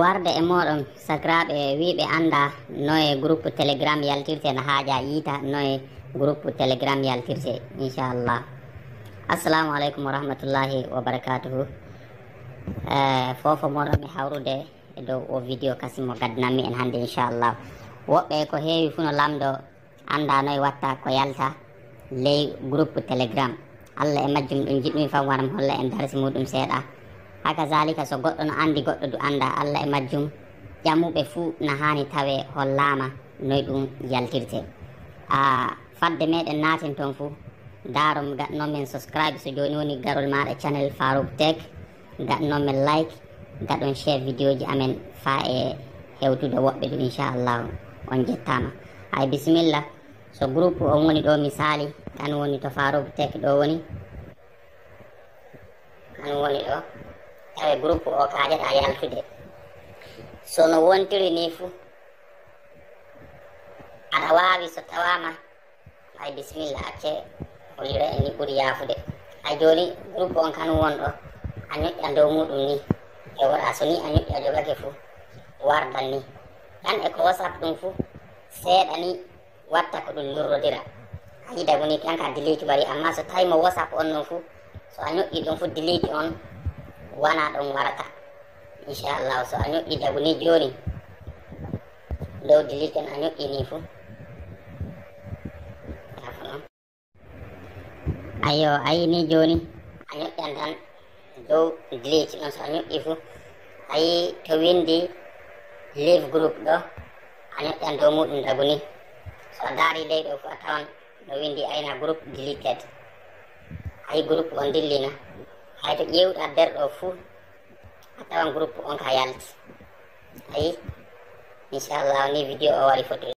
warde e moɗon sakiraɓe wiɓe anda noye groupe télégram yaltirte ne haaja yiita noye groupe télégram yaltirte inchallah assalamu aleykum wa rahmatullahi wa barakatuhu eh, fofo moɗon mi hawrude e dow o vidéo kasimo gaddanammi en hannde inchallah woɓɓe ko heewi fuu no lamɗo annda noye watta ko yalta ley groupe télégram allah e majjum ɗum jiɗɗumi e faam waram holla en darsi muɗum seeɗa haka zalika so goɗɗo no anndi goɗɗo du annda allah e majjum ƴamuɓe fuu no haani tawe hollaama noye ɗum yaltirte a fadde meɗen naaten toon fuu daaro gatnon men subscribe so jooni woni garol maaɗa channel farouk tek gatnon men like gaɗon chef vidéo ji amen faa e hewtude woɓɓe ɗum inchallahu on jettaama hay bisimilla so groupe on woni ɗo misali kan woni to farouk tek ɗo woni kan woni ɗo tawe groupe o ka aɗeɗa yaltude sono wontiri ni fuu aɗa wawi so tawama hay bisimilla acce holliro en ni ɓuuri yafude hay joni groupe on kan wonɗo a ñoƴƴa dow muɗum ni e wora so ni a ñoƴƴa jogake fuu wardan ni ɗan e ko wasap ɗum fuu seeɗa ni watta ko ɗum lurrodira a yidagoni kanka dileti wari amma so tawi mo wasap on noon fuu so a ñoƴƴi ɗum fuu dileti on wona ɗon warata inchallahu so a ñoƴƴi jagu ni joni dow dilitan a ñoƴƴi ni fo ayo ayi ni joni a ñoƴƴan tan dow dilite ɗon so a ñoƴƴi fo ayi to windi live group ɗo a ñoƴƴan dow muɗum dagu ni so a daari dey ɗo fo a tawan no windi ayna groupe dilited ayi groupe on dillina hayde ƴewɗa nder ɗo fuu a tawan groupe on ka yalti ayi inchallah ni vidéo o wari fotiri